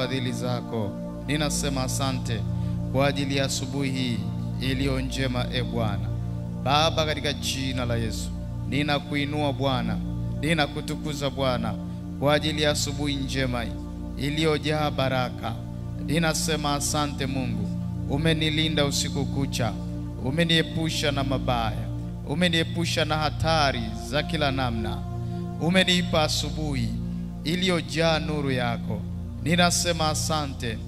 fadhili zako. Ninasema asante kwa ajili ya asubuhi hii iliyo njema, e Bwana Baba, katika jina la Yesu ninakuinua Bwana, ninakutukuza Bwana kwa ajili ya asubuhi njema iliyojaa baraka. Ninasema asante Mungu, umenilinda usiku kucha, umeniepusha na mabaya, umeniepusha na hatari za kila namna, umenipa asubuhi iliyojaa nuru yako ninasema asante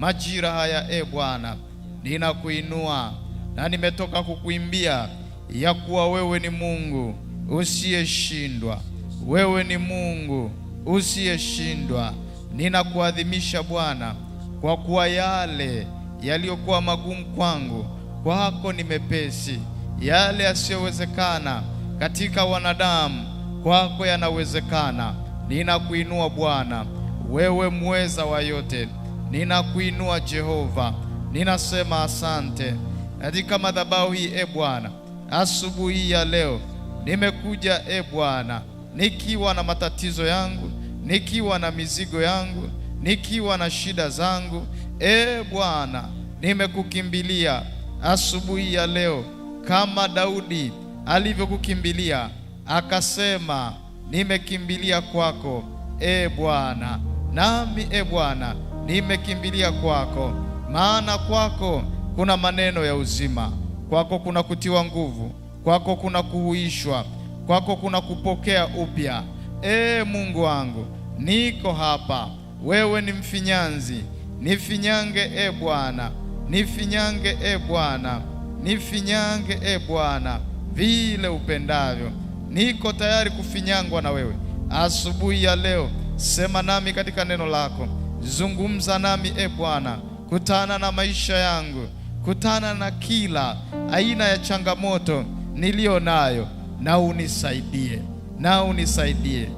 majira haya, e Bwana, ninakuinua na nimetoka kukuimbia ya kuwa wewe ni Mungu usiyeshindwa, wewe ni Mungu usiyeshindwa. Ninakuadhimisha Bwana, kwa kuwa yale yaliyokuwa magumu kwangu kwako ni mepesi, yale yasiyowezekana katika wanadamu kwako yanawezekana. Ninakuinua Bwana wewe mweza wa yote, ninakuinua Jehova, ninasema asante katika madhabahu hii e Bwana. Asubuhi ya leo nimekuja e Bwana, nikiwa na matatizo yangu, nikiwa na mizigo yangu, nikiwa na shida zangu. E Bwana, nimekukimbilia asubuhi ya leo kama Daudi alivyokukimbilia akasema, nimekimbilia kwako e Bwana nami e Bwana, nimekimbilia kwako, maana kwako kuna maneno ya uzima, kwako kuna kutiwa nguvu, kwako kuna kuhuishwa, kwako kuna kupokea upya. E Mungu wangu, niko hapa, wewe ni mfinyanzi, nifinyange e Bwana, nifinyange e Bwana, nifinyange e Bwana vile upendavyo. Niko tayari kufinyangwa na wewe asubuhi ya leo. Sema nami katika neno lako, zungumza nami e Bwana, kutana na maisha yangu, kutana na kila aina ya changamoto niliyo nayo, na unisaidie, na unisaidie,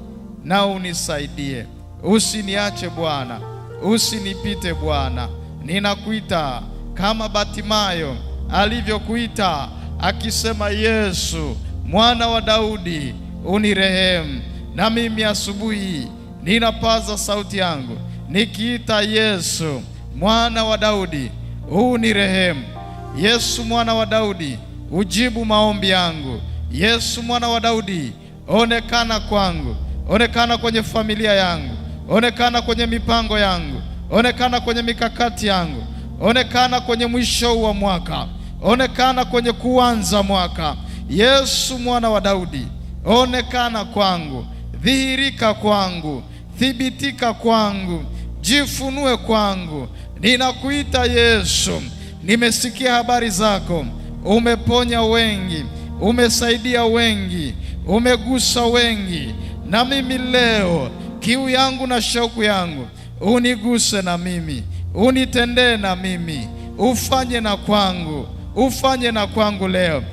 na unisaidie. Usiniache Bwana, usinipite Bwana. Ninakuita kama Batimayo alivyokuita akisema, Yesu mwana wa Daudi unirehemu. Na mimi asubuhi ninapaza sauti yangu nikiita Yesu mwana wa Daudi, huu ni rehemu. Yesu mwana wa Daudi, ujibu maombi yangu. Yesu mwana wa Daudi, onekana kwangu, onekana kwenye familia yangu, onekana kwenye mipango yangu, onekana kwenye mikakati yangu, onekana kwenye mwisho wa mwaka, onekana kwenye kuanza mwaka. Yesu mwana wa Daudi, onekana kwangu, dhihirika kwangu thibitika kwangu, jifunue kwangu. Ninakuita Yesu, nimesikia habari zako, umeponya wengi, umesaidia wengi, umegusa wengi. Na mimi leo kiu yangu na shauku yangu, uniguse na mimi, unitendee na mimi, ufanye na kwangu, ufanye na kwangu leo.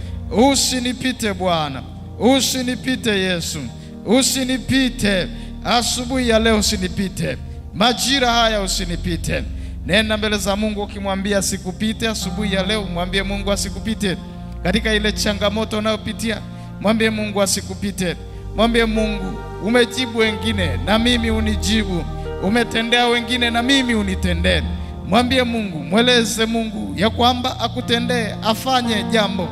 Usinipite Bwana, usinipite Yesu, usinipite Asubuhi ya leo usinipite, majira haya usinipite. Nenda mbele za Mungu ukimwambia sikupite. Asubuhi ya leo mwambie Mungu asikupite katika ile changamoto unayopitia. Mwambie Mungu asikupite, mwambie Mungu, umejibu wengine na mimi unijibu, umetendea wengine na mimi unitendee. Mwambie Mungu, mweleze Mungu ya kwamba akutendee, afanye jambo,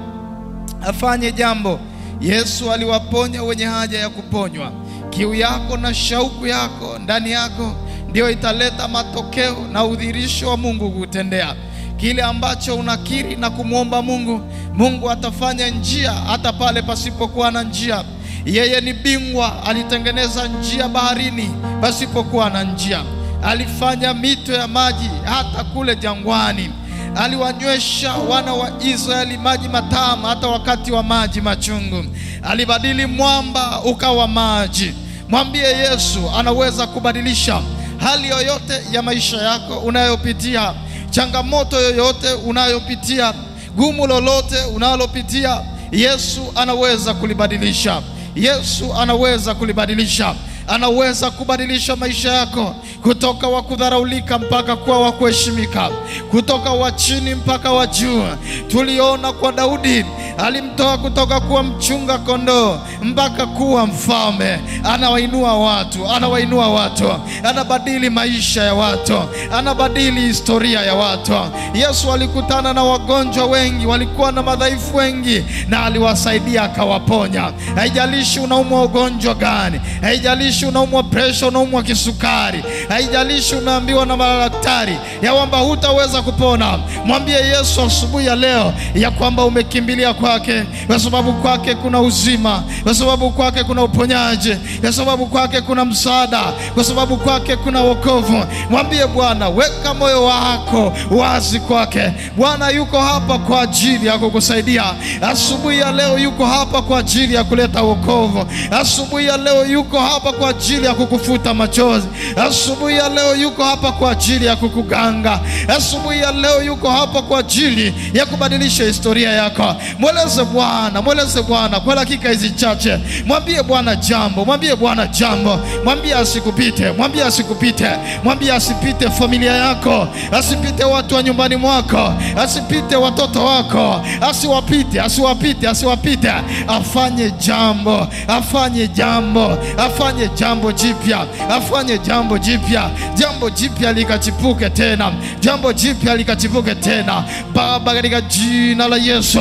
afanye jambo Yesu aliwaponya wenye haja ya kuponywa. Kiu yako na shauku yako ndani yako ndiyo italeta matokeo na udhirisho wa Mungu kutendea kile ambacho unakiri na kumwomba Mungu. Mungu atafanya njia hata pale pasipokuwa na njia. Yeye ni bingwa, alitengeneza njia baharini pasipokuwa na njia, alifanya mito ya maji hata kule jangwani aliwanywesha wana wa Israeli maji matamu hata wakati wa maji machungu, alibadili mwamba ukawa maji. Mwambie Yesu anaweza kubadilisha hali yoyote ya maisha yako unayopitia, changamoto yoyote unayopitia, gumu lolote unalopitia, Yesu anaweza kulibadilisha. Yesu anaweza kulibadilisha anaweza kubadilisha maisha yako kutoka wa kudharaulika mpaka kuwa wa kuheshimika, kutoka wa chini mpaka wa juu. Tuliona kwa Daudi, alimtoa kutoka kuwa mchunga kondoo mpaka kuwa mfalme. Anawainua watu, anawainua watu, anabadili maisha ya watu, anabadili historia ya watu. Yesu alikutana na wagonjwa wengi, walikuwa na madhaifu wengi, na aliwasaidia akawaponya. Haijalishi unaumwa ugonjwa gani, haijalishi haijalishi unaumwa presha, unaumwa kisukari, haijalishi umeambiwa na madaktari ya kwamba hutaweza kupona, mwambie Yesu asubuhi ya leo ya kwamba umekimbilia kwake, kwa sababu kwake kuna uzima, kwa sababu kwake kuna uponyaji, kwa sababu kwake kuna msaada, kwa sababu kwake kuna wokovu. Mwambie Bwana, weka moyo wako wazi kwake. Bwana yuko hapa kwa ajili ya kukusaidia asubuhi ya leo, yuko hapa kwa ajili ya kuleta wokovu asubuhi ya leo, yuko hapa kwa kwa ajili ya kukufuta machozi. Asubuhi ya leo yuko hapa kwa ajili ya kukuganga. Asubuhi ya leo yuko hapa kwa ajili ya kubadilisha historia yako. Mweleze Bwana, mweleze Bwana kwa dakika hizi chache, mwambie Bwana jambo, mwambie Bwana jambo, mwambie asikupite, mwambie asikupite, mwambie asipite familia yako, asipite watu wa nyumbani mwako, asipite watoto wako, asiwapite, asiwapite, asiwapite. Afanye jambo, afanye jambo, afanye jambo jipya, afanye jambo jipya, jambo jipya likachipuke tena, jambo jipya likachipuke tena. Baba, katika jina la Yesu,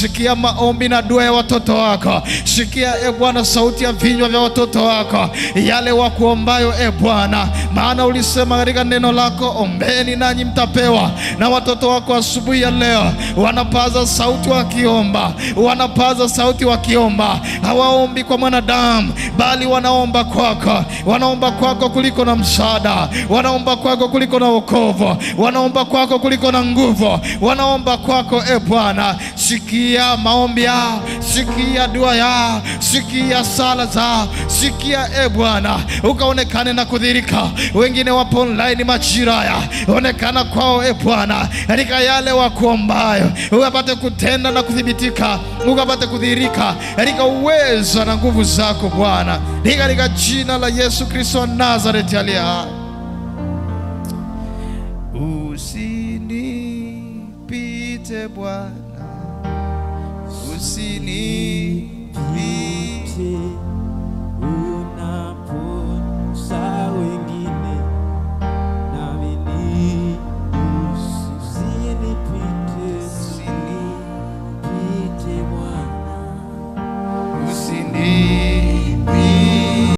sikia maombi na dua ya watoto wako, sikia e Bwana sauti ya vinywa vya watoto wako, yale wakuombayo e Bwana, maana ulisema katika neno lako, ombeni nanyi mtapewa. Na watoto wako asubuhi ya leo wanapaza sauti wakiomba, wanapaza sauti wakiomba, hawaombi kwa mwanadamu, bali wanaomba kwako, wanaomba kwako kuliko na msaada, wanaomba kwako kuliko na wokovu, wanaomba kwako kuliko na nguvu, wanaomba kwako e Bwana. Sikia maombi yao, sikia dua yao, sikia sala zao, sikia e Bwana, ukaonekane na kudhirika. Wengine wapo online majira ya onekana kwao e Bwana katika yale wakuombayo, ukapate kutenda na kuthibitika, ukapate kudhirika katika uwezo na nguvu zako Bwana katika jina la Yesu Kristo wa Nazareti aliye hai. Usinipite Bwana, usinipite